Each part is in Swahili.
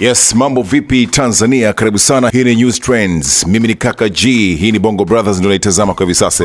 Yes, mambo vipi Tanzania? Karibu sana. Hii ni News Trends. Mimi ni Kaka G. Hii ni Bongo Brothers ndio naitazama kwa hivi sasa.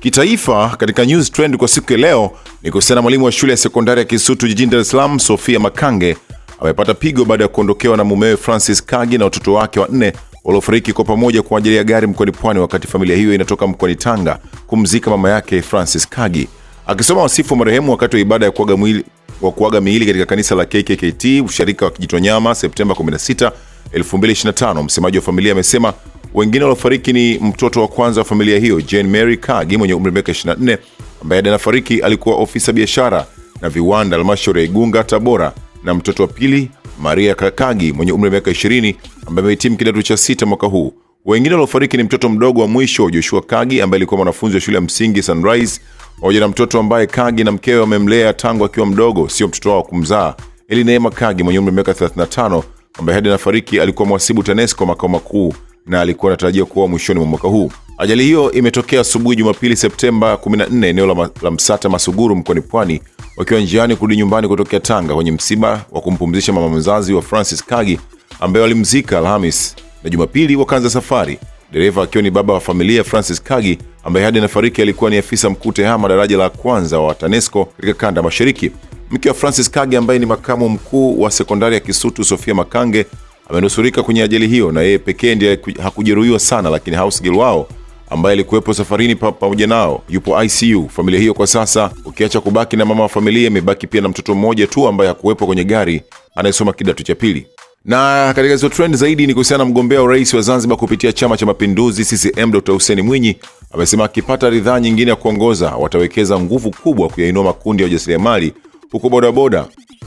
Kitaifa katika news trend kwa siku ya leo ni kuhusiana mwalimu wa shule ya sekondari ya Kisutu jijini Dar es Salaam, Sofia Makange amepata pigo baada ya kuondokewa na mumewe Francis Kagi na watoto wake wanne waliofariki kwa pamoja kwa ajili ya gari mkoani Pwani, wakati familia hiyo inatoka mkoani Tanga kumzika mama yake Francis Kagi. Akisoma wasifu wa marehemu wakati wa ibada ya kuaga mwili wa kuaga miili katika kanisa la KKKT ushirika wa Kijitonyama Septemba 16, 2025, msemaji wa familia amesema wengine waliofariki ni mtoto wa kwanza wa familia hiyo Jane Mary Kagi mwenye umri wa miaka 24 ambaye anafariki alikuwa ofisa biashara na viwanda halmashauri ya Igunga Tabora, na mtoto wa pili Maria Kagi mwenye umri wa miaka 20 ambaye amehitimu kidato cha sita mwaka huu. Wengine waliofariki ni mtoto mdogo wa mwisho Joshua Kagi ambaye alikuwa mwanafunzi wa shule ya msingi Sunrise pamoja na mtoto ambaye Kagi na mkewe wamemlea tangu akiwa mdogo, sio mtoto wao kumzaa. Eli Neema Kagi mwenye umri wa miaka 35 ambaye hadi anafariki alikuwa mwasibu TANESCO makao makuu na alikuwa anatarajia kuoa mwishoni mwa mwaka huu. Ajali hiyo imetokea asubuhi Jumapili Septemba 14 eneo la, la Msata Masuguru mkoani Pwani, wakiwa njiani kurudi nyumbani kutokea Tanga kwenye msiba wa kumpumzisha mama mzazi wa Francis Kagi ambaye walimzika Alhamis na Jumapili wakaanza safari dereva akiwa ni baba wa familia Francis Kagi ambaye hadi anafariki alikuwa ni afisa mkuu TEHAMA daraja la kwanza wa TANESCO katika kanda mashariki. Mke wa Francis Kagi ambaye ni makamu mkuu wa sekondari ya Kisutu Sofia Makange amenusurika kwenye ajali hiyo, na yeye pekee ndiye hakujeruhiwa sana, lakini Hausgil wao ambaye alikuwepo safarini pamoja pa nao yupo ICU. Familia hiyo kwa sasa, ukiacha kubaki na mama wa familia, imebaki pia na mtoto mmoja tu ambaye hakuwepo kwenye gari, anayesoma kidato cha pili. Na katika hizo trend zaidi ni kuhusiana na mgombea urais wa Zanzibar kupitia Chama cha Mapinduzi CCM Dr. huseni Mwinyi amesema akipata ridhaa nyingine ya kuongoza watawekeza nguvu kubwa kuyainua makundi ya ujasiriamali huku bodaboda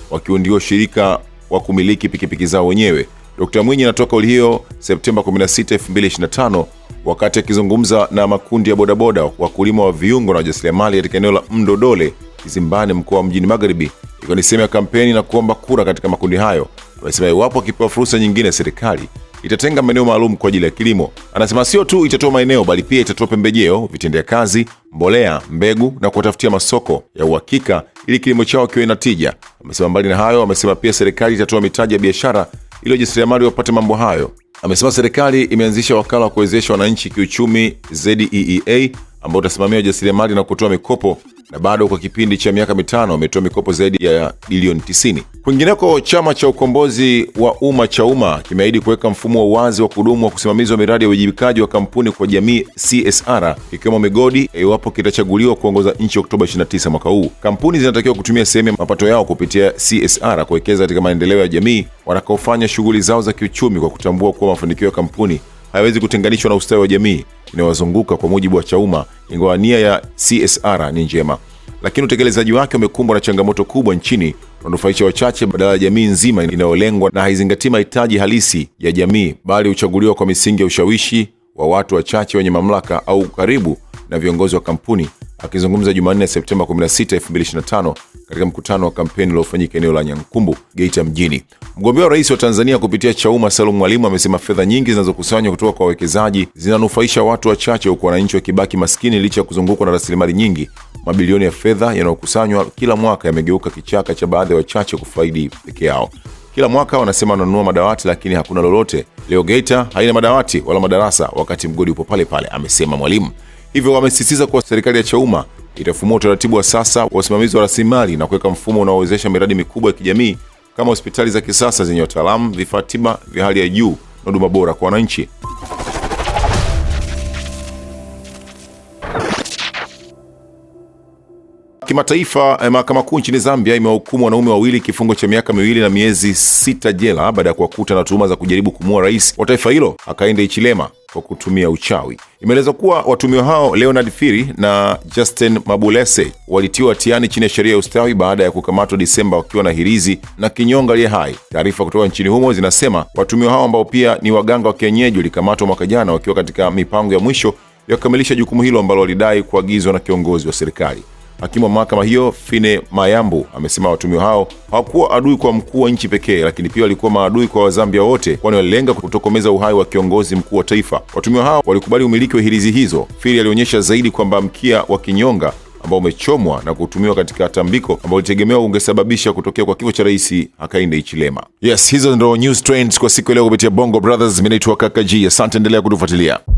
wakiundiwa ushirika wa kumiliki pikipiki zao wenyewe. Dr. Mwinyi anatoa kauli hiyo Septemba 16, 2025 wakati akizungumza na makundi ya bodaboda, wakulima wa viungo na wajasiriamali katika eneo la Mdodole Kizimbani, mkoa wa Mjini Magharibi, ikiwa ni sehemu ya kampeni na kuomba kura katika makundi hayo. Amesema iwapo akipewa fursa nyingine, serikali itatenga maeneo maalum kwa ajili ya kilimo. Anasema sio tu itatoa maeneo, bali pia itatoa pembejeo, vitendea kazi, mbolea, mbegu na kuwatafutia masoko ya uhakika ili kilimo chao kiwe na tija. Amesema mbali na hayo, amesema pia serikali itatoa mitaji ya biashara ili wajasiriamali wapate mambo hayo. Amesema serikali imeanzisha wakala wa kuwezesha wananchi kiuchumi ZEEA ambao utasimamia wajasiriamali na kutoa mikopo na bado kwa kipindi cha miaka mitano wametoa mikopo zaidi ya bilioni 90. Kwingineko, chama cha ukombozi wa umma cha umma kimeahidi kuweka mfumo wa uwazi wa kudumu wa kusimamizi wa miradi ya uwajibikaji wa kampuni kwa jamii CSR, ikiwemo migodi, iwapo kitachaguliwa kuongoza nchi Oktoba 29 mwaka huu. Kampuni zinatakiwa kutumia sehemu ya mapato yao kupitia CSR kuwekeza katika maendeleo ya jamii watakaofanya shughuli zao za kiuchumi, kwa kutambua kuwa mafanikio ya kampuni hayawezi kutenganishwa na ustawi wa jamii inayowazunguka kwa mujibu wa Chauma, ingawa nia ya CSR ni njema, lakini utekelezaji wake umekumbwa na changamoto kubwa nchini, unanufaisha wachache badala ya jamii nzima inayolengwa na haizingatii mahitaji halisi ya jamii, bali huchaguliwa kwa misingi ya ushawishi wa watu wachache wenye mamlaka au karibu na viongozi wa kampuni. Akizungumza Jumanne Septemba 16, 2025 katika mkutano wa kampeni uliofanyika eneo la Nyankumbu, Geita mjini. Mgombea wa rais wa Tanzania kupitia Chauma, Salum Mwalimu amesema fedha nyingi zinazokusanywa kutoka kwa wawekezaji zinanufaisha watu wachache, huku wananchi wakibaki maskini licha ya kuzungukwa na rasilimali nyingi. Mabilioni ya fedha yanayokusanywa kila mwaka yamegeuka kichaka cha baadhi ya wachache kufaidi peke yao. Kila mwaka wanasema wananunua madawati lakini hakuna lolote. Leo Geita haina madawati wala madarasa, wakati mgodi upo pale pale, amesema Mwalimu. Hivyo wamesisitiza kuwa serikali ya Chauma itafumua utaratibu wa sasa wa usimamizi wa rasilimali na kuweka mfumo unaowezesha miradi mikubwa ya kijamii kama hospitali za kisasa zenye wataalamu, vifaa tiba vya hali ya juu na huduma bora kwa wananchi. Kimataifa, eh, mahakama kuu nchini Zambia imewahukumu wanaume wawili kifungo cha miaka miwili na miezi sita jela baada ya kuwakuta na tuhuma za kujaribu kumuua rais wa taifa hilo Hakainde Hichilema kwa kutumia uchawi. Imeelezwa kuwa watumio hao Leonard Firi na Justin Mabulese walitiwa hatiani chini ya sheria ya ustawi baada ya kukamatwa Disemba wakiwa na hirizi na kinyonga aliye hai. Taarifa kutoka nchini humo zinasema watumio hao ambao pia ni waganga wa kienyeji walikamatwa mwaka jana wakiwa katika mipango ya mwisho ya kukamilisha jukumu hilo ambalo walidai kuagizwa na kiongozi wa serikali. Hakimu wa mahakama hiyo Fine Mayambu amesema watumiwa hao hawakuwa adui kwa mkuu wa nchi pekee, lakini pia walikuwa maadui kwa Wazambia wote, kwani walilenga kutokomeza uhai wa kiongozi mkuu wa taifa. Watumiwa hao walikubali umiliki wa hirizi hizo. Fili alionyesha zaidi kwamba mkia wa kinyonga ambao umechomwa na kutumiwa katika tambiko ambao ulitegemewa ungesababisha kutokea kwa kifo cha Rais Hakainde Hichilema. Yes, hizo ndo news trends kwa siku ya leo kupitia Bongo Brothers. Mimi naitwa Kaka G. Asante, endelea kutufuatilia.